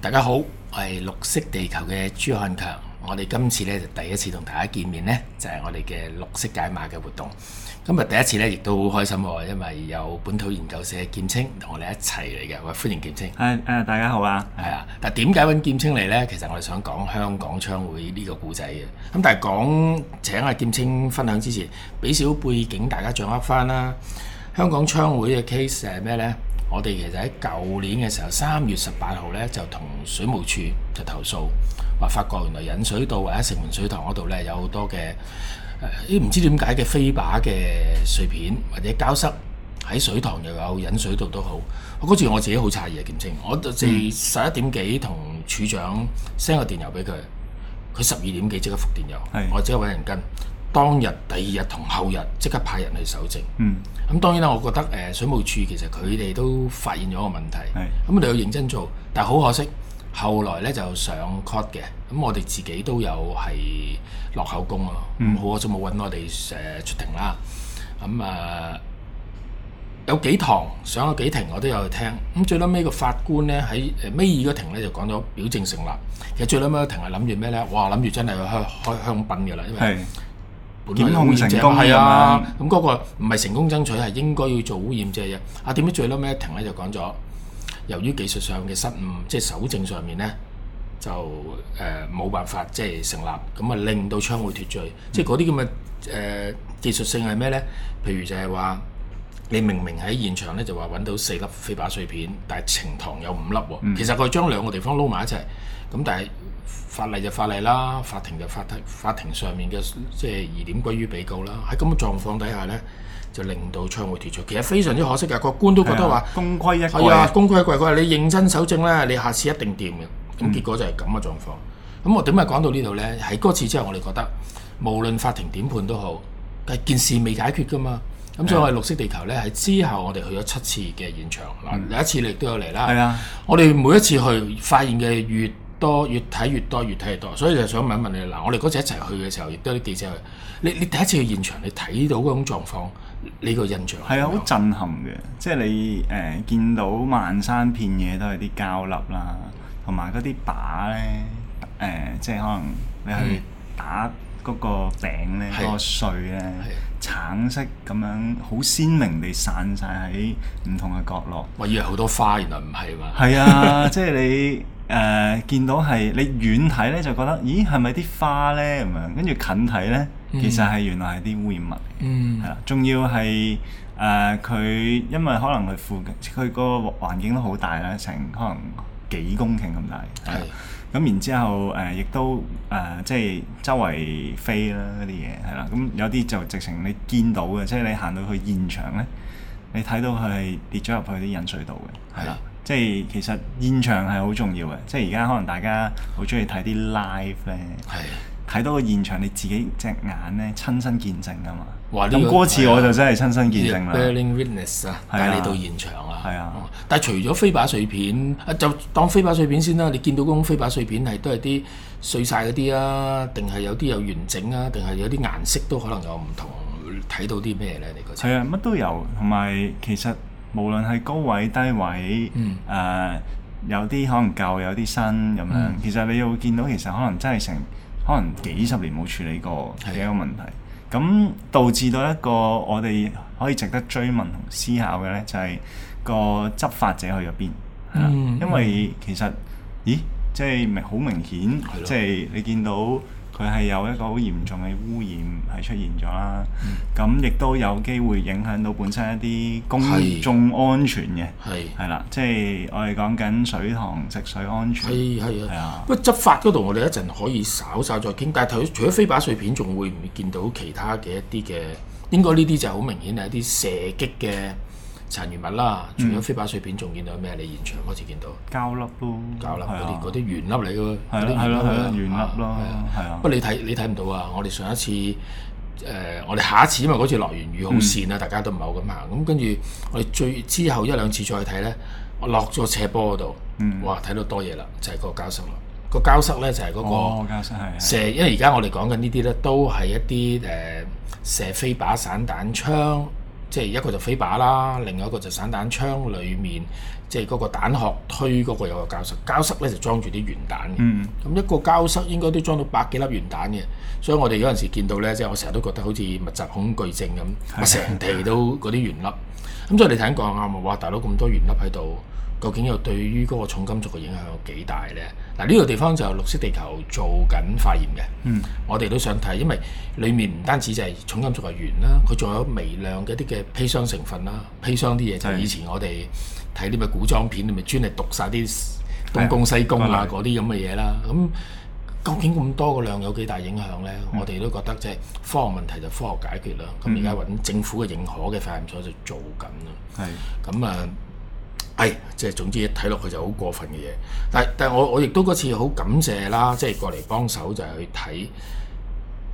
大家好，我係綠惜地球嘅朱漢強。我哋今次咧就第一次同大家見面咧，就係、是、我哋嘅綠色解碼嘅活動。咁啊，第一次咧亦都好開心喎、哦，因為有本土研究社嘅劍青同我哋一齊嚟嘅，我歡迎劍青。誒誒，大家好啊！係啊，但點解揾劍青嚟咧？其實我哋想講香港槍會呢個故仔嘅。咁但係講請阿劍青分享之前，俾少背景大家掌握翻啦。香港槍會嘅 case 係咩咧？我哋其實喺舊年嘅時候，三月十八號呢，就同水務署就投訴，話發覺原來引水道或者城門水塘嗰度呢，有好多嘅誒，唔知點解嘅飛靶嘅碎片或者膠塞喺水塘又有引水道都好。我嗰次我自己好詫異啊，劍青，我自十一點幾同處長 send 個電郵俾佢，佢十二點幾即刻覆電郵，是我即刻揾人跟。當日、第二日同後日，即刻派人去搜證。嗯，咁、嗯、當然啦，我覺得誒、呃，水務署其實佢哋都發現咗個問題，咁的、嗯、我哋要認真做。但係好可惜，後來咧就上 court 嘅。咁、嗯、我哋自己都有係落口供咯。嗯、好可惜冇揾我哋誒、呃、出庭啦。咁、嗯、啊、呃，有幾堂上咗幾庭，我都有去聽。咁、嗯、最撚尾個法官咧喺誒尾二個庭咧就講咗表證成立。其實最撚尾個庭係諗住咩咧？哇，諗住真係開開香檳嘅啦，因為的。檢控成功係啊，咁嗰個唔係成功爭取，係應該要做污染者嘅。啊，點知最尾一庭咧就講咗，由於技術上嘅失誤，即係搜證上面咧就誒冇、呃、辦法即係成立，咁啊令到槍會脫罪。嗯、即係嗰啲咁嘅誒技術性係咩咧？譬如就係話你明明喺現場咧就話揾到四粒飛靶碎片，但係呈堂有五粒喎、啊。嗯、其實佢將兩個地方撈埋一齊。咁但係法例就法例啦，法庭就法庭，法庭上面嘅即係疑點歸於被告啦。喺咁嘅狀況底下呢，就令到槍會脫出。其實非常之可惜嘅，個官都覺得話功虧一簣，係啊，功虧一簣。佢話你認真守證呢，你下次一定掂嘅。咁結果就係咁嘅狀況。咁、嗯、我點解講到呢度呢？喺嗰次之後，我哋覺得無論法庭點判都好，但件事未解決噶嘛。咁、嗯、所以我哋綠惜地球呢，係之後我哋去咗七次嘅現場。嗱，有、嗯、一次你亦都有嚟啦。係啊的，我哋每一次去發現嘅月。越越多，越睇越多，越睇越多，所以就想問一問你嗱、啊，我哋嗰陣一齊去嘅時候，亦都有啲記者去。你你第一次去現場，你睇到嗰種狀況，你個印象係啊，好震撼嘅。即係你誒、呃、見到漫山遍野都係啲膠粒啦，同埋嗰啲靶咧誒，即係可能你去打嗰個頂咧，嗰、嗯、個碎咧，的橙色咁樣好鮮明地散晒喺唔同嘅角落。我以為好多花，原來唔係嘛？係啊的， 即係你。誒、呃、見到係你遠睇咧就覺得，咦係咪啲花咧咁樣？跟住近睇咧，嗯、其實係原來係啲污染物嚟嘅。嗯。係啦，仲要係誒佢，因為可能佢附近佢個環境都好大啦，成可能幾公頃咁大。係。咁的然之後誒亦、呃、都誒、呃、即係周圍飛啦嗰啲嘢，係啦。咁有啲就直情你見到嘅，即係你行到去現場咧，你睇到佢係跌咗入去啲引水道嘅，係啦。的即係其實現場係好重要嘅，即係而家可能大家好中意睇啲 live 咧，睇到個現場你自己隻眼咧親身見證啊嘛。哇，咁、呢個、歌詞我就真係親身見證啦。Bearing witness 啊，iness, 帶你到現場啊。係啊的、嗯，但係除咗飛靶碎片，就當飛靶碎片先啦。你見到嗰種飛靶碎片係都係啲碎晒嗰啲啊，定係有啲有完整啊？定係有啲顏色都可能有唔同，睇到啲咩咧？你覺得係啊，乜都有，同埋其實。無論係高位低位，誒、嗯呃、有啲可能舊，有啲新咁樣，是的 其實你會見到其實可能真係成可能幾十年冇處理過嘅一個問題。咁是的 導致到一個我哋可以值得追問同思考嘅咧，就係、是、個執法者去入邊，是的 因為其實，是的 咦，即係明好明顯，即係是的 你見到。佢係有一個好嚴重嘅污染係出現咗啦，咁亦、嗯、都有機會影響到本身一啲公眾安全嘅。係係啦，即係的、就是、我哋講緊水塘食水安全。係係啊，係啊的。不過的執法嗰度，我哋一陣可以稍稍再傾。但係除除咗飛靶碎片，仲會唔會見到其他嘅一啲嘅？應該呢啲就好明顯係一啲射擊嘅。殘餘物啦，除咗飛靶碎片，仲見到咩？你現場嗰次見到膠粒咯，膠粒嗰啲嗰啲圓粒嚟嘅喎，嗰啲圓粒啦，圓粒咯，係啊。不過你睇你睇唔到啊！我哋上一次，誒，我哋下一次，因為嗰次落完雨好跣啊，大家都唔好咁行。咁跟住我哋最之後一兩次再睇咧，我落咗斜坡嗰度，哇！睇到多嘢啦，就係個膠塞咯。個膠塞咧就係嗰個膠塞，因為而家我哋講緊呢啲咧都係一啲誒射飛靶散彈槍。即係一個就飛靶啦，另外一個就散彈槍裡面，即係嗰個彈殼推嗰個有個膠塞，膠塞咧就裝住啲鉛彈嘅。咁、嗯、一個膠塞應該都裝到百幾粒鉛彈嘅，所以我哋有陣時見到咧，即係我成日都覺得好似密集恐懼症咁，成是的 地都嗰啲鉛粒。咁即係你頭先講啱啊！哇，大佬咁多鉛粒喺度。究竟又對於嗰個重金屬嘅影響有幾大呢？嗱，呢個地方就綠惜地球做緊化驗嘅。嗯，我哋都想睇，因為裡面唔單止就係重金屬嘅鉛啦，佢仲有微量嘅一啲嘅砒霜成分啦。砒霜啲嘢就係以前我哋睇啲咪古裝片，咪專嚟毒殺啲東宮西宮啊嗰啲咁嘅嘢啦。咁究竟咁多個量有幾大影響呢？我哋都覺得即係科學問題就科學解決啦。咁而家揾政府嘅認可嘅化驗所就做緊啦。係咁啊！係，即係、哎、總之一睇落去就好過分嘅嘢。但但係我我亦都嗰次好感謝啦，即係過嚟幫手就係去睇。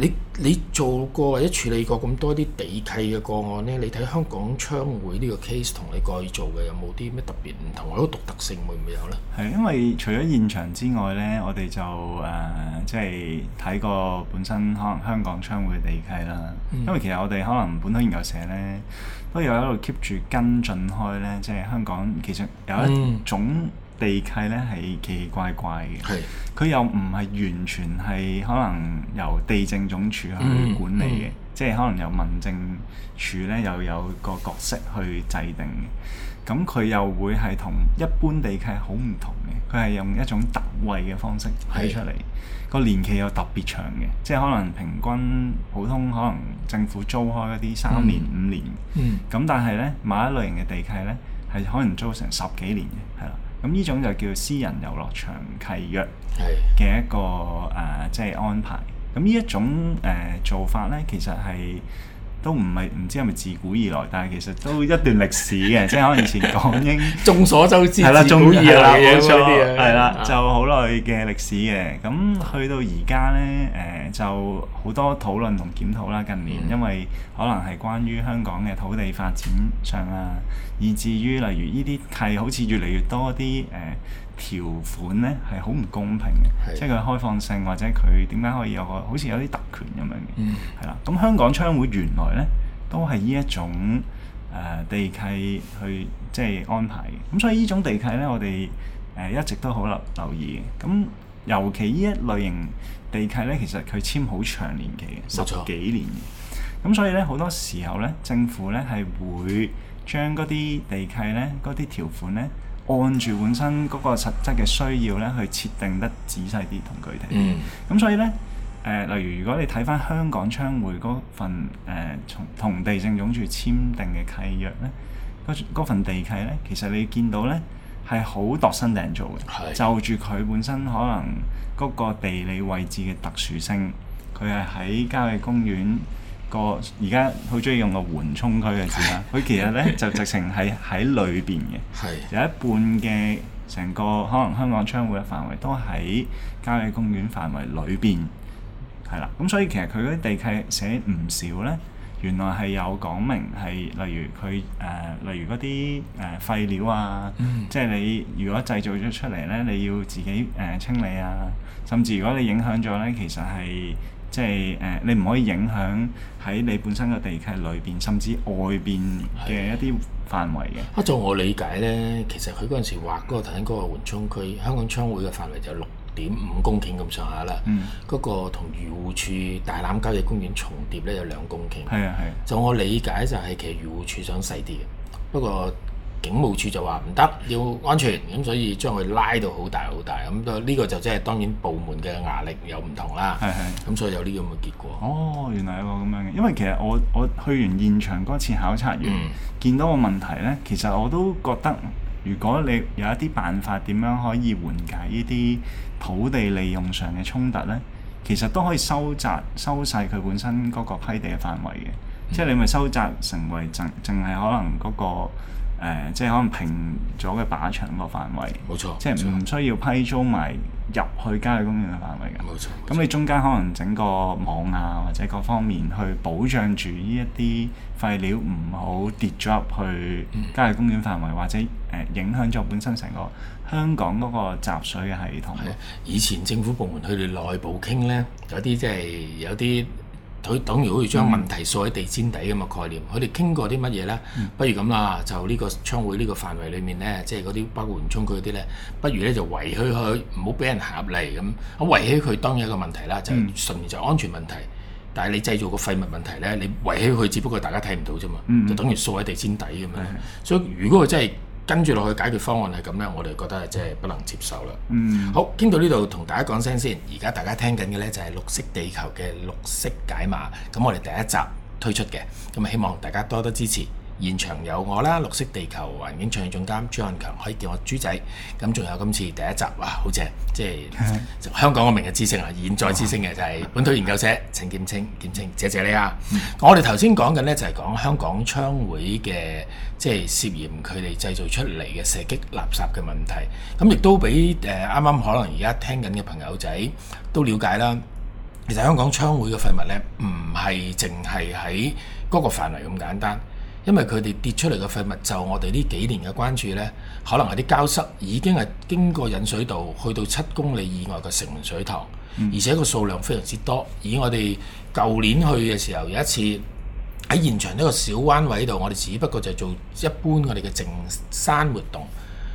你你做過或者處理過咁多啲地契嘅個案呢？你睇香港槍會呢個 case 同你過去做嘅有冇啲咩特別唔同或者獨特性會唔會有呢？係因為除咗現場之外呢，我哋就誒即係睇過本身可能香港槍會嘅地契啦。嗯、因為其實我哋可能本土研究社呢，都有一度 keep 住跟進開呢，即、就、係、是、香港其實有一種、嗯。地契咧係奇奇怪怪嘅，佢的又唔係完全係可能由地政總署去管理嘅，嗯嗯、即係可能由民政處咧又有個角色去制定嘅。咁佢又會係同一般地契好唔同嘅，佢係用一種特惠嘅方式批出嚟，個的年期又特別長嘅，即係可能平均普通可能政府租開一啲三年五年，咁但係咧某一類型嘅地契咧係可能租成十幾年嘅，係啦。嗯咁呢、嗯、種就叫私人遊樂場契約嘅一個誒的、呃，即係安排。咁呢一種誒、呃、做法咧，其實係。都唔係唔知係咪自古以來，但係其實都一段歷史嘅， 即係可能以前港英，眾 所周知係啦， 中意啦，冇 錯，係啦， 就好耐嘅歷史嘅。咁去到而家呢，誒、呃、就好多討論同檢討啦。近年因為可能係關於香港嘅土地發展上啦，以至於例如呢啲係好似越嚟越多啲誒。呃條款咧係好唔公平嘅，是的 即係佢開放性或者佢點解可以有個好似有啲特權咁樣嘅，係啦、嗯。咁香港槍會原來咧都係呢一種誒、呃、地契去即係安排嘅，咁所以呢種地契咧我哋誒、呃、一直都好留留意嘅。咁尤其呢一類型地契咧，其實佢簽好長年期嘅，嗯、十幾年嘅，咁所以咧好多時候咧政府咧係會將嗰啲地契咧嗰啲條款咧。按住本身嗰個實質嘅需要咧，去設定得仔細啲同佢哋。咁、嗯、所以咧，誒、呃、例如如果你睇翻香港槍會嗰份誒從、呃、同，同地政總署簽訂嘅契約咧，嗰份地契咧，其實你見到咧係好度身訂造嘅，的就住佢本身可能嗰個地理位置嘅特殊性，佢係喺郊野公園。個而家好中意用個緩衝區嘅字啦，佢 其實咧 就直情係喺裏邊嘅， 有一半嘅成個可能香港槍會嘅範圍都喺郊野公園範圍裏邊，係啦。咁所以其實佢啲地契寫唔少咧，原來係有講明係，例如佢誒、呃，例如嗰啲誒廢料啊，即係、嗯、你如果製造咗出嚟咧，你要自己誒、呃、清理啊，甚至如果你影響咗咧，其實係。即係誒、呃，你唔可以影響喺你本身嘅地契裏邊，甚至外邊嘅一啲範圍嘅的。啊，就我理解咧，其實佢嗰陣時劃嗰、那個頭先嗰個緩衝區，香港槍會嘅範圍就六點五公頃咁上下啦。嗯。嗰個同漁護處大欖郊野公園重疊咧，有兩公頃。係啊係啊。就我理解就係其實漁護處想細啲嘅，不過。警務處就話唔得，要安全，咁所以將佢拉到好大好大，咁呢個就即係當然部門嘅壓力又唔同啦。咁是所以有呢咁嘅結果。哦，原來有個咁樣嘅，因為其實我我去完現場嗰次考察完，嗯、見到個問題咧，其實我都覺得，如果你有一啲辦法點樣可以緩解呢啲土地利用上嘅衝突咧，其實都可以收窄收細佢本身嗰個批地嘅範圍嘅，嗯、即係你咪收窄成為淨淨係可能嗰、嗰個。誒、呃，即係可能平咗嘅靶場個範圍，冇錯，即係唔需要批租埋入去郊野公園嘅範圍㗎。冇錯，咁你中間可能整個網啊，或者各方面去保障住呢一啲廢料唔好跌咗入去郊野公園範圍，嗯、或者誒、呃、影響咗本身成個香港嗰個集水嘅系統，啊、以前政府部門佢哋內部傾咧，有啲即係有啲。佢等於好似將問題掃喺地氈底咁嘅概念。佢哋傾過啲乜嘢呢？嗯、不如咁啦，就呢個槍會呢個範圍裡面呢，即係嗰啲包括緩衝區嗰啲呢，不如呢就圍起佢，唔好俾人入嚟咁。咁圍起佢當然一個問題啦，就純然就安全問題。嗯、但係你製造個廢物問題呢，你圍起佢，只不過大家睇唔到啫嘛，嗯嗯、就等於掃喺地氈底咁啊。嗯、的所以如果佢真係，跟住落去解決方案咧，咁咧我哋覺得即係不能接受啦。嗯，好，傾到呢度同大家講聲先。而家大家聽緊嘅咧就係綠惜地球嘅綠色解碼，咁我哋第一集推出嘅，咁啊希望大家多多支持。現場有我啦，綠惜地球環境倡議總監朱漢強，可以叫我豬仔。咁仲有今次第一集哇，好正！即係的香港嘅明日之星啊，現在之星嘅就係本土研究社，陳劍青，劍青，謝謝你啊！嗯、我哋頭先講緊呢，就係、是、講香港槍會嘅即係涉嫌佢哋製造出嚟嘅射擊垃圾嘅問題。咁亦都俾誒啱啱可能而家聽緊嘅朋友仔都了解啦。其實香港槍會嘅廢物呢，唔係淨係喺嗰個範圍咁簡單。因為佢哋跌出嚟嘅廢物，就我哋呢幾年嘅關注呢，可能係啲膠塞已經係經過引水道去到七公里以外嘅城門水塘，嗯、而且個數量非常之多。以我哋舊年去嘅時候，有一次喺現場一個小灣位度，我哋只不過就做一般我哋嘅淨山活動，咁、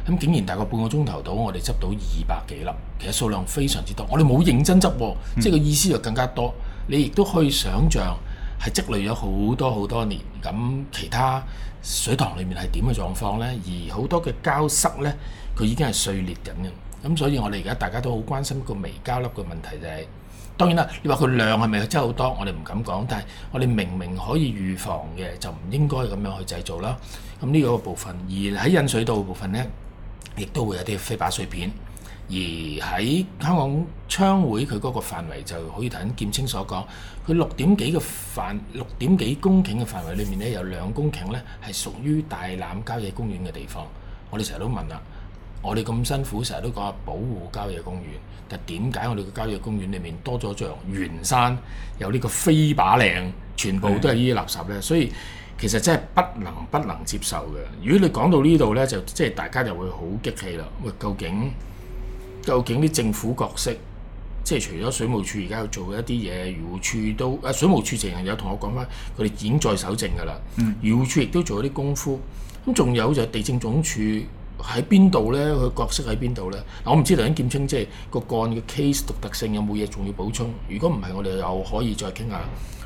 嗯、竟然大概半個鐘頭到，我哋執到二百幾粒，其實數量非常之多。我哋冇認真執、喔，即係個意思就更加多。嗯、你亦都可以想像。係積累咗好多好多年，咁其他水塘裏面係點嘅狀況咧？而好多嘅膠塞咧，佢已經係碎裂緊嘅。咁所以我哋而家大家都好關心個微膠粒嘅問題就係、是、當然啦。你話佢量係咪真係好多？我哋唔敢講，但係我哋明明可以預防嘅，就唔應該咁樣去製造啦。咁呢一個部分，而喺引水道部分咧，亦都會有啲飛靶碎片。而喺香港槍會，佢嗰個範圍就好似頭先劍青所講，佢六點幾嘅範六點幾公頃嘅範圍裏面呢，有兩公頃呢係屬於大欖郊野公園嘅地方。我哋成日都問啦，我哋咁辛苦，成日都講下保護郊野公園，但係點解我哋嘅郊野公園裏面多咗像圓山有呢個飛靶嶺，全部都係呢啲垃圾呢？的所以其實真係不能不能接受嘅。如果你講到呢度呢，就即係大家就會好激氣啦。喂，究竟？究竟啲政府角色，即係除咗水務署而家要做一啲嘢，漁護署都啊水務署成日有同我講翻佢哋已經在守正㗎啦，漁護、嗯、署亦都做咗啲功夫，咁仲有就地政總署喺邊度咧？佢角色喺邊度咧？嗱，我唔知頭先劍青即係個，個案嘅 case 獨特性有冇嘢仲要補充？如果唔係，我哋又可以再傾下。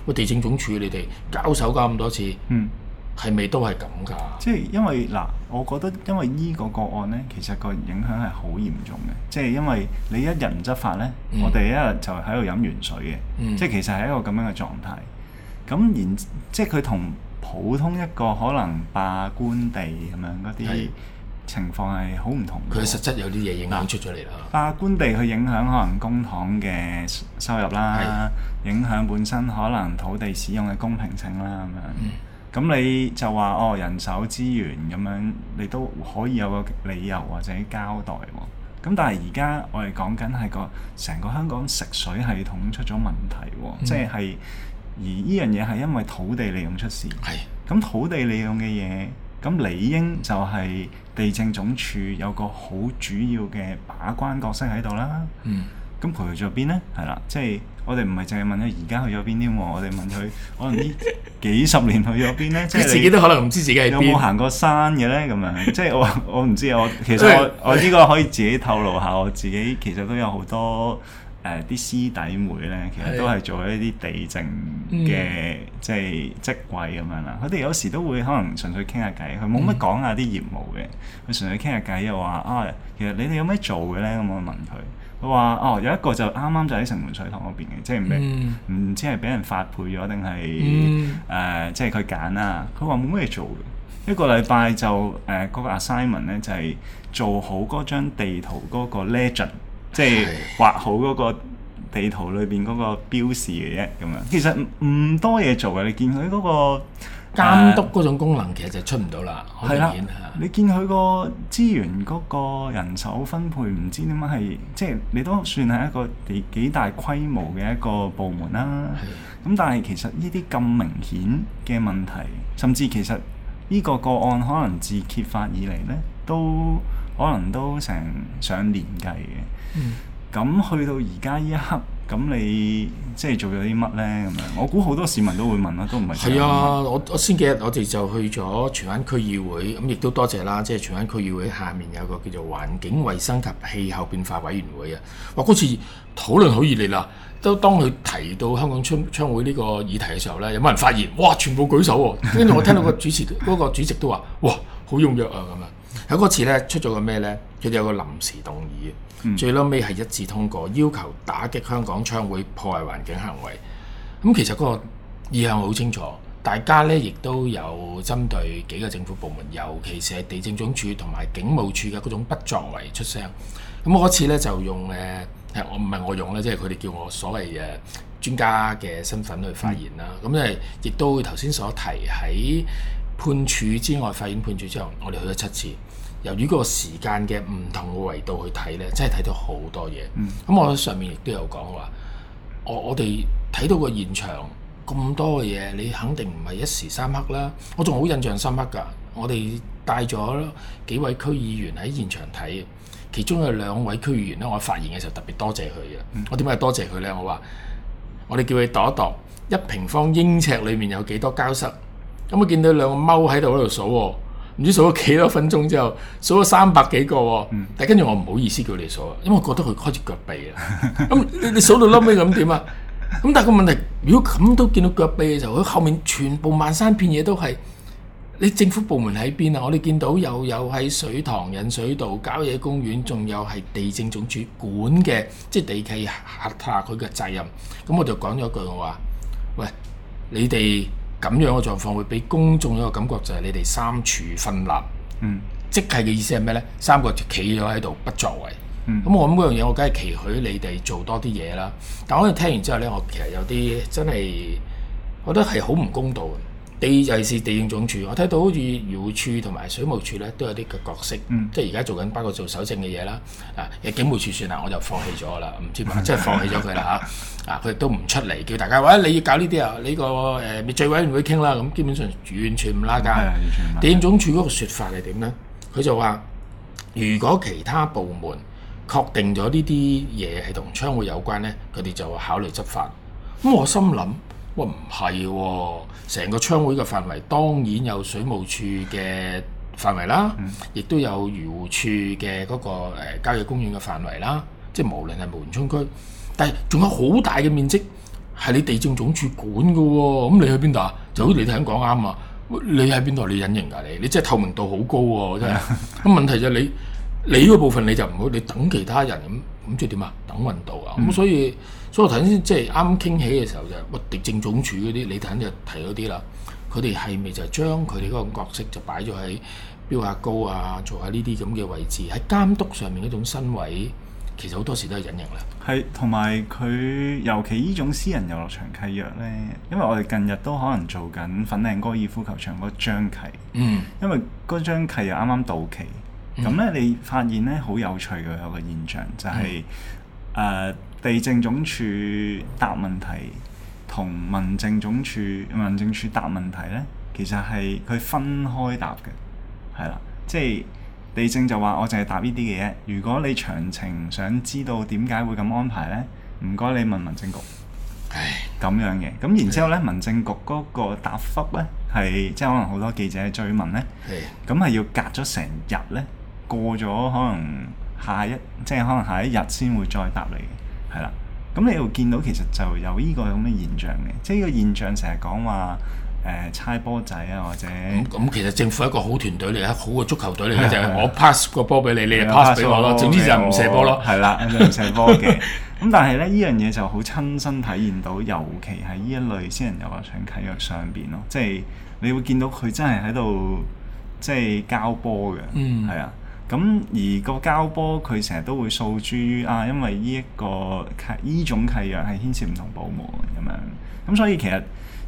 我、嗯、地政總署你哋交手交咁多次。嗯係咪都係咁㗎？即係因為嗱，我覺得因為呢個個案呢，其實個影響係好嚴重嘅。即係因為你一日唔執法呢，嗯、我哋一日就喺度飲完水嘅。嗯、即係其實係一個咁樣嘅狀態。咁然即係佢同普通一個可能霸官地咁樣嗰啲情況係好唔同嘅。佢實質有啲嘢影響出咗嚟啦。霸官地去影響可能公帑嘅收入啦，的影響本身可能土地使用嘅公平性啦咁樣。嗯嗯咁你就話哦，人手資源咁樣，你都可以有個理由或者交代喎。咁但係而家我哋講緊係個成個香港食水系統出咗問題喎，嗯、即係而呢樣嘢係因為土地利用出事嘅。咁是土地利用嘅嘢，咁理應就係地政總署有個好主要嘅把關角色喺度啦。嗯。咁陪喺邊呢？係啦，即係。我哋唔係淨係問佢而家去咗邊添喎，我哋問佢可能呢幾十年去咗邊咧？ 即係自己都可能唔知自己有冇行過山嘅咧，咁樣 即係我我唔知啊。我其實我 我呢個可以自己透露下，我自己其實都有好多誒啲師弟妹咧，其實都係做一啲地政嘅的、嗯、即係職位咁樣啦。佢哋有時都會可能純粹傾下偈，佢冇乜講下啲業務嘅，佢、嗯、純粹傾下偈又話啊，其實你哋有咩做嘅咧？咁我問佢。佢話：哦，有一個就啱啱就喺城門水塘嗰邊嘅，即係唔明，唔、mm. 知係俾人發配咗定係誒，即係佢揀啦。佢話冇乜嘢做嘅，一個禮拜就誒嗰、呃嗰個 assignment 咧就係、係、做好嗰張地圖嗰個 legend， 即係畫好嗰個地圖裏邊嗰個標示嘅啫。咁樣其實唔多嘢做嘅，你見佢嗰、嗰個。監督嗰種功能其實就出唔到啦，好、uh, 明顯的的你見佢個資源嗰個人手分配唔知點解係，即、就、係、是、你都算係一個幾幾大規模嘅一個部門啦、啊。咁是的 但係其實呢啲咁明顯嘅問題，甚至其實呢個個案可能自揭發以嚟呢，都可能都成上年計嘅。咁、嗯、去到而家呢一刻。咁你即係做咗啲乜呢？咁樣，我估好多市民都會問啦，都唔係。係啊，我我先幾日我哋就去咗荃灣區議會，咁亦都多謝啦。即係荃灣區議會下面有個叫做環境衞生及氣候變化委員會啊。哇！嗰次討論好熱烈啦，都當佢提到香港槍、槍會呢個議題嘅時候呢，有冇人發言？哇！全部舉手喎、啊，跟住我聽到個主持嗰 個主席都話：哇，好踴躍啊咁樣。喺嗰次咧出咗個咩呢？佢哋有個臨時動議，嗯、最撈尾係一致通過，要求打擊香港槍會破壞環境行為。咁、嗯、其實嗰個意向好清楚，大家呢亦都有針對幾個政府部門，尤其是係地政總署同埋警務處嘅嗰種不作為出聲。咁、嗯、嗰次呢，就用誒，我唔係我用咧，即係佢哋叫我所謂嘅專家嘅身份去發言啦。咁誒亦都會頭先所提喺判處之外，法院判處之後，我哋去咗七次。由於個時間嘅唔同嘅維度去睇咧，真係睇到好多嘢。咁、嗯、我上面亦都有講話，我我哋睇到個現場咁多嘅嘢，你肯定唔係一時三刻啦。我仲好印象深刻㗎。我哋帶咗幾位區議員喺現場睇，其中有兩位區議員咧，我發現嘅時候特別多謝佢嘅、嗯。我點解多謝佢咧？我話我哋叫佢度一度一平方英尺裏面有幾多膠塞。咁我見到兩個踎喺度喺度數喎、哦。唔知數咗幾多分鐘之後，數咗三百幾個喎、哦，嗯、但係跟住我唔好意思叫你數，因為我覺得佢開始腳痹啦。咁 你你數到撈尾咁點啊？咁但係個問題，如果咁都見到腳痹嘅時候，佢後面全部漫山遍野都係，你政府部門喺邊啊？我哋見到又有喺水塘引水道、郊野公園，仲有係地政總署管嘅，即係地契下下佢嘅責任。咁我就講咗句我話：喂，你哋。咁樣嘅狀況會俾公眾一個感覺就係你哋三處分立，嗯、即係嘅意思係咩呢？三個企咗喺度不作為，咁、嗯、我諗嗰樣嘢我梗係期許你哋做多啲嘢啦。但係我聽完之後呢，我其實有啲真係我覺得係好唔公道嘅。地尤其係地政總署，我睇到好似漁護處同埋水務處咧，都有啲個角色，嗯、即係而家做緊包括做搜證嘅嘢啦。啊，警務處算啦，我就放棄咗啦，唔是知嘛，即係放棄咗佢啦嚇。 啊，佢亦都唔出嚟叫大家，喂，你要搞呢啲啊？呢個誒，滅罪委員會傾啦。咁基本上完全唔拉架。係啊，完全。地政總署嗰個説法係點咧？佢就話：如果其他部門確定咗呢啲嘢係同槍會有關咧，佢哋就考慮執法。咁我心諗。我唔係喎，成、哦、個槍會嘅範圍當然有水務署嘅範圍啦，亦、嗯、都有漁護署嘅嗰、那個、呃、郊野公園嘅範圍啦。即係無論係無人村區，但係仲有好大嘅面積係你地政總署管嘅喎、哦。咁你去邊度啊？嗯、就好似你頭先講啱啊！你喺邊度？你隱形㗎、啊、你？你即係透明度好高喎、啊！真係。咁 問題就係你你嗰部分你就唔好你等其他人咁，唔知點啊？等運到啊！咁所以。嗯嗯所以頭先即係啱傾起嘅時候就，喂，地政總署嗰啲，你頭先就提咗啲啦，佢哋係咪就係將佢哋嗰個角色就擺咗喺標下高啊，做下呢啲咁嘅位置？喺監督上面一種身位，其實好多時都係隱形啦。係，同埋佢尤其呢種私人遊樂場契約咧，因為我哋近日都可能做緊粉嶺高爾夫球場嗰張契，嗯，因為嗰張契又啱啱到期，咁咧、嗯、你發現咧好有趣嘅一個現象就係、是，誒、嗯。地政總署答問題同民政總署民政處答問題呢，其實係佢分開答嘅。係啦，即係地政就話我淨係答呢啲嘅嘢。如果你詳情想知道點解會咁安排呢，唔該你問民政局。唉，咁樣嘅咁然之後呢，唉民政局嗰個答覆呢，係即係可能好多記者追問呢，咁係唉要隔咗成日呢，過咗可能下一即係可能下一日先會再答你。係啦，咁你會見到其實就有呢個咁嘅現象嘅，即係呢個現象成日講話誒猜波仔啊，或者咁、嗯嗯、其實政府一個好團隊嚟好嘅足球隊嚟嘅，就係我 pass 個波俾你，你又 pass 俾我咯，總之 就唔射波咯，係啦，唔射波嘅。咁但係咧呢樣嘢就好親身體驗到，尤其係呢一類私人遊樂場契約上邊咯，即係你會見到佢真係喺度即係交波嘅，嗯，係啊。咁而個交波佢成日都會訴諸於啊，因為呢、呢、一個契呢種契約係牽涉唔同部門咁樣，咁所以其實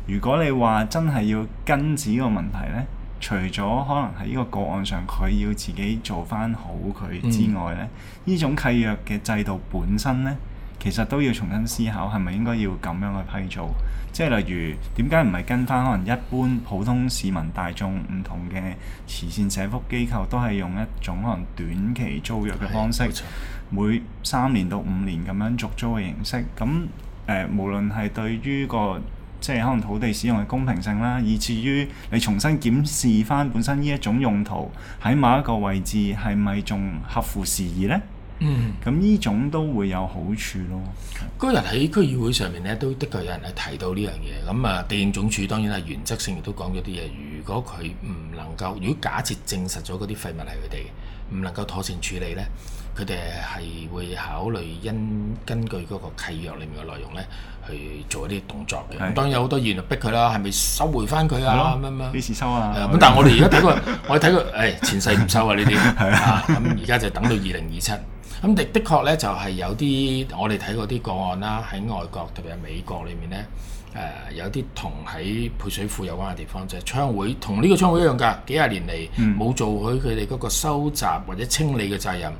如果你話真係要根治呢個問題咧，除咗可能喺呢個個案上佢要自己做翻好佢之外咧，呢、嗯、種契約嘅制度本身咧，其實都要重新思考，係咪應該要咁樣去批租？即係例如，點解唔係跟翻可能一般普通市民大眾唔同嘅慈善社福機構，都係用一種可能短期租約嘅方式，每三年到五年咁樣續租嘅形式？咁誒、呃，無論係對於個即係可能土地使用嘅公平性啦，以至於你重新檢視翻本身呢一種用途喺某一個位置係咪仲合乎時宜咧？嗯，咁呢種都會有好處咯。嗰日喺區議會上面咧，都的確有人係提到呢樣嘢。咁啊，地政總署當然係原則性亦都講咗啲嘢。如果佢唔能夠，如果假設證實咗嗰啲廢物係佢哋，唔能夠妥善處理咧，佢哋係會考慮因根據嗰個契約裏面嘅內容咧去做一啲動作嘅。的當然有好多議員就逼佢啦，係咪收回翻佢啊？咁樣咩？幾時收啊？咁、啊、但係我哋而家睇過， 我哋睇過，誒、哎，前世唔收啊呢啲。咁而家就等到二零二七。咁的確咧，就係有啲我哋睇嗰啲個案啦，喺外國特別係美國裏面咧，誒、呃、有啲同喺配水庫有關嘅地方，就係、是、倉會同呢個槍會一樣㗎，幾廿年嚟冇、嗯、做佢佢哋嗰個收集或者清理嘅責任，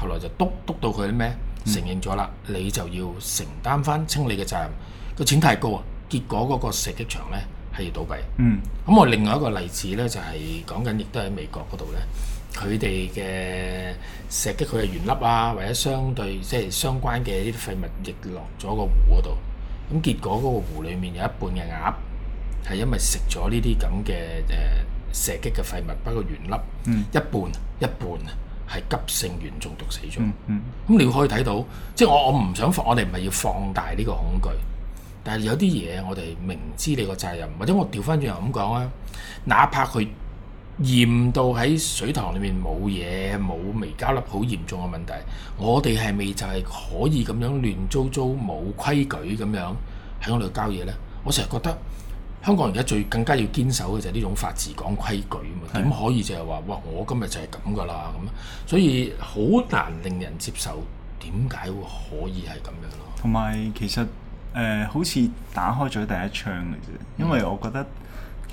後來就督督到佢咧咩？承認咗啦，嗯、你就要承擔翻清理嘅責任，個錢太高啊！結果嗰個射擊場咧係要倒閉。嗯，咁我另外一個例子咧就係、是、講緊，亦都喺美國嗰度咧。佢哋嘅射擊佢嘅鉛粒啊，或者相對即係相關嘅呢啲廢物，亦落咗個湖嗰度。咁結果嗰個湖裏面有一半嘅鴨，係因為食咗呢啲咁嘅誒射擊嘅廢物，包括鉛粒、嗯一，一半一半係急性鉛中毒死咗。咁、嗯嗯、你可以睇到，即係我我唔想放，我哋唔係要放大呢個恐懼，但係有啲嘢我哋明知你個責任，或者我調翻轉又咁講啊，哪怕佢。嚴到喺水塘裏面冇嘢冇微膠粒，好嚴重嘅問題。我哋係咪就係可以咁樣亂糟糟冇規矩咁樣喺嗰度交嘢呢？我成日覺得香港而家最更加要堅守嘅就係呢種法治講規矩啊嘛，點可以就係話哇我今日就係咁噶啦咁？所以好難令人接受，點解會可以係咁樣咯？同埋其實誒、呃、好似打開咗第一槍嚟啫，因為我覺得。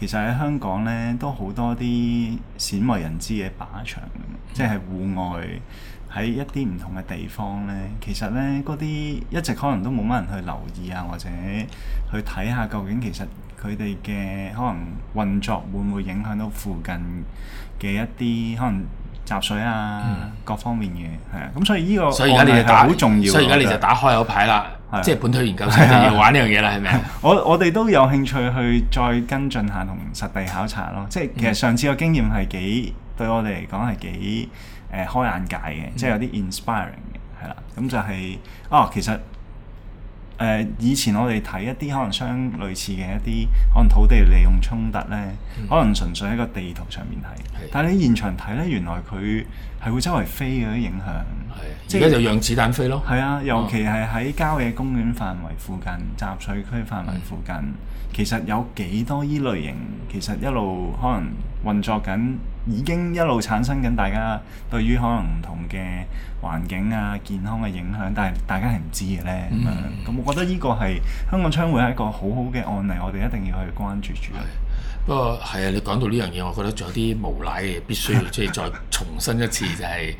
其實喺香港咧，都好多啲鮮為人知嘅靶場，即係戶外喺一啲唔同嘅地方咧。其實咧，嗰啲一直可能都冇乜人去留意啊，或者去睇下究竟其實佢哋嘅可能運作會唔會影響到附近嘅一啲可能。集水啊，各方面嘅係啊，咁所以呢個，所以而家你就打好重要，所以而家你就打開口牌啦，即係本土研究一定要玩呢樣嘢啦，係咪？我我哋都有興趣去再跟進下同實地考察咯，即係其實上次個經驗係幾對我哋嚟講係幾誒開眼界嘅，即係有啲 inspiring 嘅係啦。咁就係哦，其實。呃、以前我哋睇一啲可能相類似嘅一啲可能土地利用衝突呢，嗯、可能純粹喺個地圖上面睇，的但係你現場睇呢，原來佢係會周圍飛嗰啲影響，即係而家就讓子彈飛咯。係啊，尤其係喺郊野公園範圍附近，集水區範圍附近，的嗯、其實有幾多依類型，其實一路可能運作緊。已經一路產生緊，大家對於可能唔同嘅環境啊、健康嘅影響，但係大家係唔知嘅咧。咁、嗯嗯，我覺得呢個係香港槍會係一個好好嘅案例，我哋一定要去關注住。不過係啊，你講到呢樣嘢，我覺得仲有啲無賴嘅，必須要即係 再重申一次就係、是。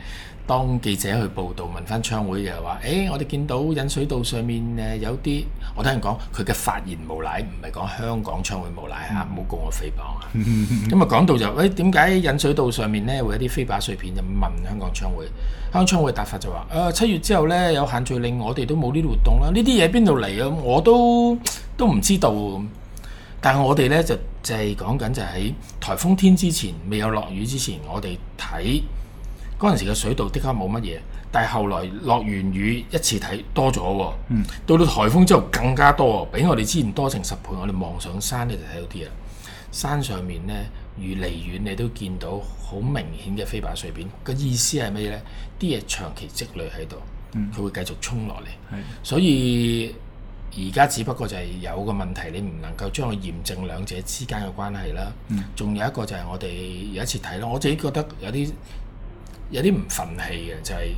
當記者去報道問返槍會嘅話，誒、欸、我哋見到引水道上面誒有啲，我聽人講佢嘅發言無賴，唔係講香港槍會無賴嚇，唔好、嗯、告我誹謗啊！咁啊講到就，誒點解引水道上面咧會有啲飛靶碎片？就問香港槍會，香港槍會答法就話，誒、呃、七月之後咧有限聚令，我哋都冇呢啲活動啦。呢啲嘢邊度嚟啊？我都都唔知道。但係我哋咧就淨係講緊就喺颱風天之前，未有落雨之前，我哋睇。嗰陣時嘅水道的確冇乜嘢，但係後來落完雨一次睇多咗喎、哦。嗯、到到颱風之後更加多、哦，比我哋之前多成十倍。我哋望上山你就睇到啲嘢，山上面呢，越離遠你都見到好明顯嘅飛靶碎片。個意思係咩呢？啲嘢長期積累喺度，佢、嗯、會繼續沖落嚟。的所以而家只不過就係有個問題，你唔能夠將佢驗證兩者之間嘅關係啦。仲、嗯、有一個就係我哋有一次睇咯，我自己覺得有啲。有啲唔忿氣嘅，就係、是、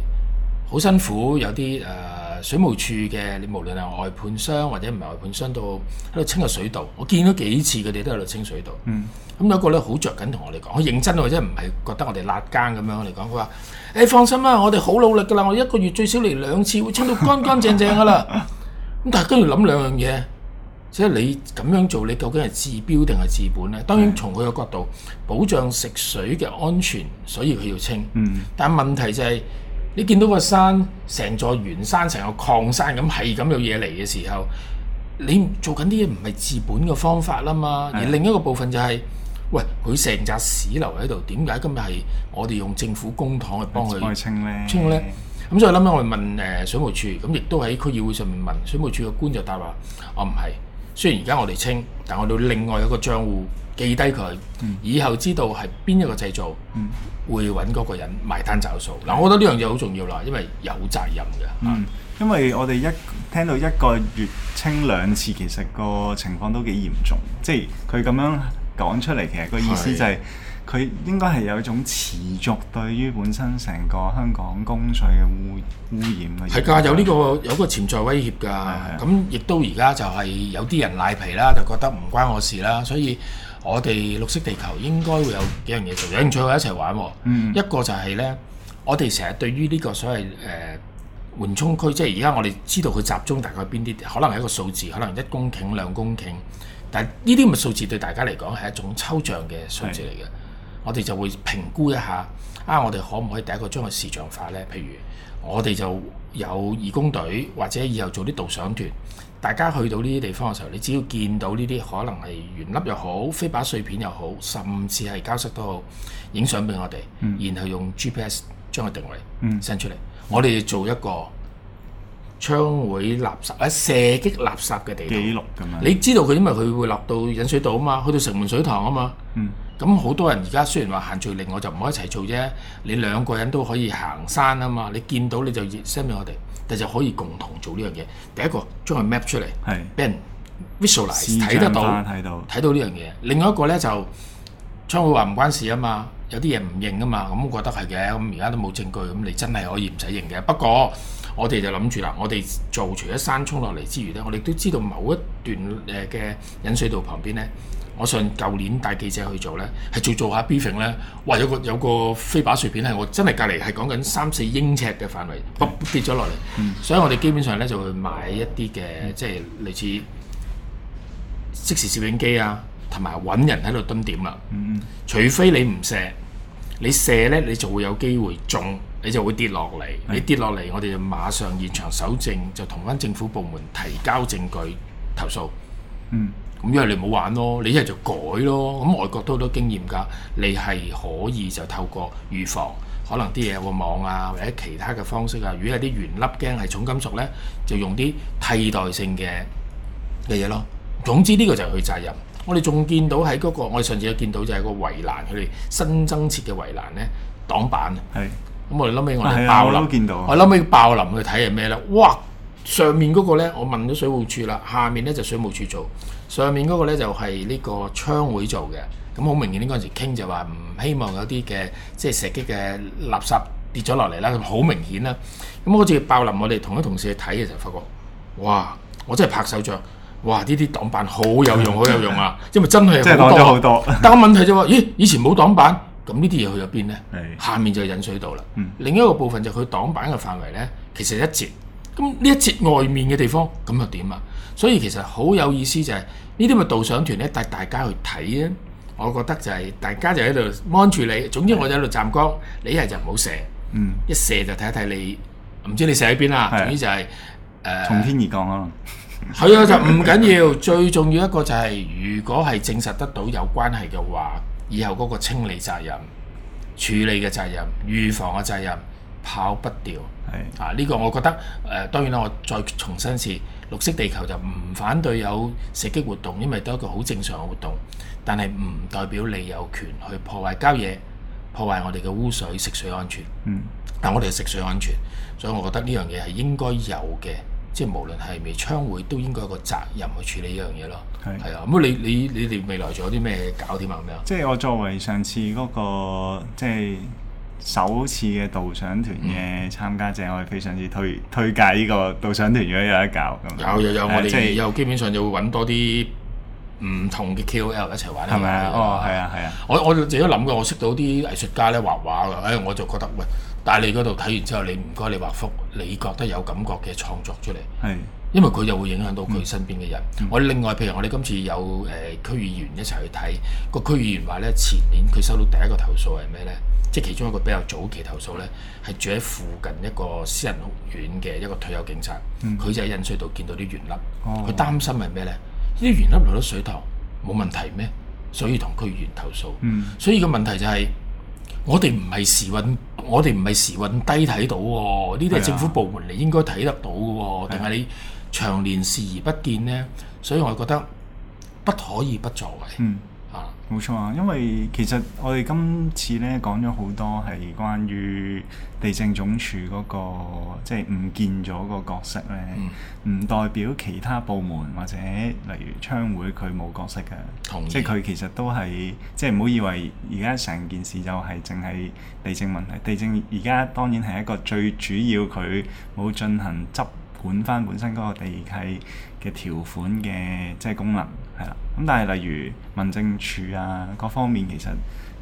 好辛苦。有啲誒、呃、水務署嘅，你無論係外判商或者唔係外判商，都喺度清個水道。我見咗幾次佢哋都喺度清水道。咁、嗯嗯、有個咧好着緊同我哋講，佢認真喎，我真係唔係覺得我哋辣圾咁樣我哋講。佢話：誒、欸、放心啦，我哋好努力㗎喇，我一個月最少嚟兩次，會清到乾乾淨淨㗎喇。咁 但係跟住諗兩樣嘢。即係你咁樣做，你究竟係治標定係治本呢？當然從佢嘅角度的保障食水嘅安全，所以佢要清。嗯，但係問題就係、是、你見到個山成座原山成個礦山咁係咁有嘢嚟嘅時候，你做緊啲嘢唔係治本嘅方法啦嘛？的而另一個部分就係、是，喂，佢成扎屎流喺度，點解今日係我哋用政府公帑去幫佢清呢？清呢？咁所以諗起我哋問誒、呃、水務署，咁亦都喺區議會上面問水務署嘅官就答話：我唔係。哦哦哦哦哦。雖然而家我哋清，但我哋另外一個賬戶記低佢，以後知道係邊一個製造，嗯、會揾嗰個人埋單找數。嗱，嗯、我覺得呢樣嘢好重要啦，因為有責任嘅、嗯。因為我哋一聽到一個月清兩次，其實個情況都幾嚴重。即係佢咁樣講出嚟，其實個意思就係、是。佢應該係有一種持續對於本身成個香港供水嘅污污染嘅係㗎，有呢個有個潛在威脅㗎。咁亦是的 都而家就係有啲人賴皮啦，就覺得唔關我事啦。所以我哋綠色地球應該會有幾樣嘢做，有興趣可以一齊玩。嗯，一個就係呢，我哋成日對於呢個所謂誒緩衝區，即係而家我哋知道佢集中大概邊啲，可能係一個數字，可能一公頃、兩公頃，但係呢啲咁嘅數字對大家嚟講係一種抽象嘅數字嚟嘅。我哋就會評估一下，啊，我哋可唔可以第一個將佢視像化呢？譬如我哋就有義工隊，或者以後做啲導賞團，大家去到呢啲地方嘅時候，你只要見到呢啲可能係鉛粒又好、飛靶碎片又好，甚至係膠塞都好，影相俾我哋，嗯、然後用 GPS 將佢定位，send、嗯、出嚟。我哋做一個槍會垃，垃圾啊，射擊垃圾嘅地圖，你知道佢因為佢會落到引水道啊嘛，去到城門水塘啊嘛。嗯咁好、嗯、多人而家雖然話限聚令，我就唔可以一齊做啫。你兩個人都可以行山啊嘛！你見到你就 send 俾我哋，但就可以共同做呢樣嘢。第一個將佢 map 出嚟，俾是人 visualize 睇像得到，睇到呢樣嘢。另外一個咧就，槍會話唔關事啊嘛，有啲嘢唔認啊嘛。咁、嗯、我覺得係嘅，咁而家都冇證據，咁、嗯、你真係可以唔使認嘅。不過我哋就諗住啦，我哋做除咗山衝落嚟之餘咧，我哋都知道某一段誒嘅引水道旁邊咧。嗯。我上舊年帶記者去做呢，係做做下 briefing 呢，哇！有個有個飛靶碎片係我真係隔離，係講緊三四英尺嘅範圍，不、嗯、跌咗落嚟。嗯、所以我哋基本上呢，就會買一啲嘅，即係類似即時攝影機啊，同埋揾人喺度蹲點啊。嗯、除非你唔射，你射呢，你就會有機會中，你就會跌落嚟。嗯、你跌落嚟，我哋就馬上現場搜證，就同返政府部門提交證據投訴。嗯。咁因為你冇玩咯，你一係就改咯。咁、嗯、外國都好多經驗㗎，你係可以就透過預防，可能啲嘢有個網啊，或者其他嘅方式啊。如果係啲原粒驚係重金屬咧，就用啲替代性嘅嘅嘢咯。總之呢個就係佢責任。我哋仲見到喺嗰、那個，我哋上次有見到就係個圍欄，佢哋新增設嘅圍欄咧，擋板。係是。咁、嗯、我哋諗起我哋爆林，我諗起爆林去睇係咩咧？哇！上面嗰個咧，我問咗水務署啦，下面咧就是、水務署做。上面嗰個咧就係、是、呢個槍會做嘅。咁、嗯、好明顯，呢陣時傾就話唔希望有啲嘅即係射擊嘅垃圾跌咗落嚟啦。好明顯啦。咁好似爆林。我哋同一同事去睇嘅時候，發覺哇，我真係拍手掌。哇！呢啲擋板好有用，好、嗯、有用啊。因為真係即多好、啊、多。但個問題就話，咦？以前冇擋板，咁呢啲嘢去咗邊咧？下面就係引水道啦。嗯、另一個部分就佢擋板嘅範圍咧，其實一截。咁呢一節外面嘅地方，咁又點啊？所以其實好有意思就係呢啲咪導賞團咧，帶大家去睇啊！我覺得就係大家就喺度望住你，總之我就喺度站崗，你一係就唔好射，嗯，一射就睇一睇你，唔知你射喺邊啦。總之就係誒從天而降咯，係啊，就唔緊要，最重要一個就係如果係證實得到有關係嘅話，以後嗰個清理責任、處理嘅責任、預防嘅責任。跑不掉，是啊呢、呢個我覺得誒、呃、當然啦，我再重申一次，綠惜地球就唔反對有射擊活動，因為都係一個好正常嘅活動，但係唔代表你有權去破壞郊野、破壞我哋嘅污水、食水安全。嗯，但我哋食水安全，所以我覺得呢樣嘢係應該有嘅，即係無論係咪槍會，窗都應該有個責任去處理呢樣嘢咯。係是啊，咁你你你哋未來仲有啲咩搞添啊？咁樣即係我作為上次嗰、嗰個即係。首次嘅導賞團嘅參加者，嗯、我係非常之推推介呢個導賞團，如果有得搞，咁。有有有，嗯、我哋即係又基本上就會揾多啲唔同嘅 KOL 一齊玩，係咪吧？嗯、哦，係啊，係啊。啊啊啊我我自己諗過，我識到啲藝術家咧畫畫嘅，誒、哎、我就覺得喂，但係你嗰度睇完之後，你唔該你畫幅你覺得有感覺嘅創作出嚟。係、啊。因為佢又會影響到佢身邊嘅人。我、嗯嗯、另外，譬如我哋今次有誒、呃、區議員一齊去睇，個區議員話呢，前年佢收到第一個投訴係咩呢？即係其中一個比較早期投訴呢，係住喺附近一個私人屋苑嘅一個退休警察，佢、嗯、就喺引水道見到啲鉛粒，佢、哦、擔心係咩呢？啲鉛粒落咗水塘冇問題咩？所以同區議員投訴。嗯、所以個問題就係、是，嗯、我哋唔係時運，我哋唔係時運低睇到喎、哦。呢啲係政府部門嚟應該睇得到嘅喎，定係你？嗯嗯長年視而不見呢，所以我覺得不可以不作為。嗯，啊，冇錯啊，因為其實我哋今次咧講咗好多係關於地政總署嗰個即係唔見咗個角色咧，嗯，唔代表其他部門或者例如槍會佢冇角色嘅，即係佢其實都係即係唔好以為而家成件事就係淨係地政問題。地政而家當然係一個最主要佢冇進行執，管翻本身嗰個地契嘅條款嘅，即係功能係啦，咁但係例如民政署啊，各方面其實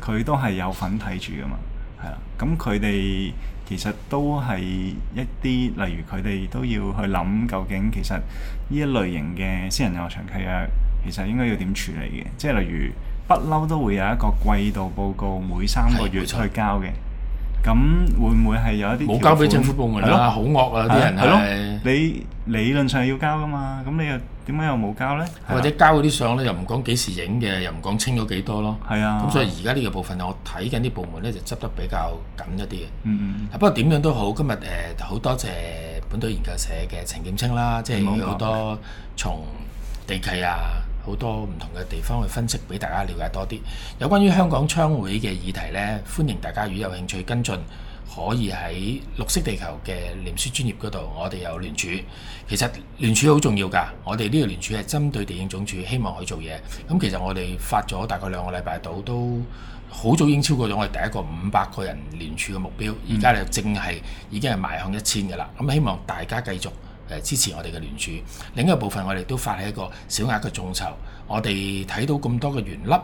佢都係有份睇住噶嘛，係啦，咁佢哋其實都係一啲，例如佢哋都要去諗究竟其實呢一類型嘅私人遊樂場契啊，其實應該要點處理嘅？即係例如不嬲都會有一個季度報告每三個月去交嘅。咁會唔會係有一啲冇交俾政府部門啊？好惡啊啲人係你理論上要交噶嘛？咁你又點解又冇交咧？或者交嗰啲相咧又唔講幾時影嘅，又唔講清咗幾多咯？係啊！咁所以而家呢個部分我睇緊啲部門咧就執得比較緊一啲嘅。嗯嗯。不過點樣都好，今日誒好多謝本土研究社嘅陳劍青啦，即係好多從地契啊。好多唔同嘅地方去分析俾大家了解多啲。有關於香港槍會嘅議題咧，歡迎大家如果有興趣跟進，可以喺綠惜地球嘅聯署專業嗰度，我哋有聯署。其實聯署好重要噶，我哋呢個聯署係針對地政總署，希望去做嘢。咁其實我哋發咗大概兩個禮拜度，都好早已經超過咗我哋第一個五百個人聯署嘅目標。而家就淨係已經係邁向一千嘅啦。咁希望大家繼續。支持我哋嘅聯署，另一部分我哋都發起一個小額嘅眾籌。我哋睇到咁多嘅鉛粒，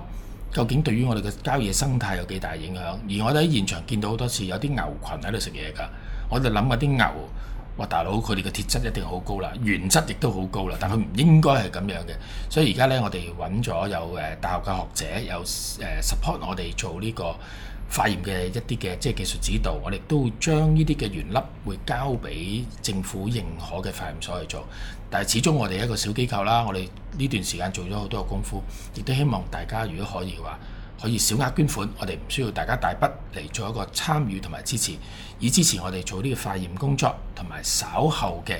究竟對於我哋嘅郊野生態有幾大影響？而我哋喺現場見到好多次有啲牛群喺度食嘢㗎，我哋諗下啲牛，哇，大佬佢哋嘅鐵質一定好高啦，鉛質亦都好高啦，但佢唔應該係咁樣嘅。所以而家呢，我哋揾咗有誒大學嘅學者，有誒 support 我哋做呢個。化驗嘅一啲嘅即係技術指導，我哋都會將呢啲嘅鉛粒會交俾政府認可嘅化驗所去做。但係始終我哋一個小機構啦，我哋呢段時間做咗好多嘅功夫，亦都希望大家如果可以話，可以小額捐款，我哋唔需要大家大筆嚟做一個參與同埋支持，以支持我哋做呢個化驗工作同埋稍後嘅。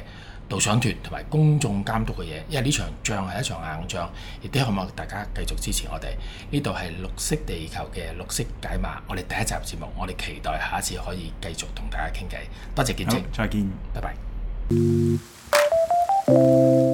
導賞團同埋公眾監督嘅嘢，因為呢場仗係一場硬仗，亦都希望大家繼續支持我哋。呢度係綠惜地球嘅綠色解碼，我哋第一集節目，我哋期待下一次可以繼續同大家傾偈。多謝見證，再見，拜拜。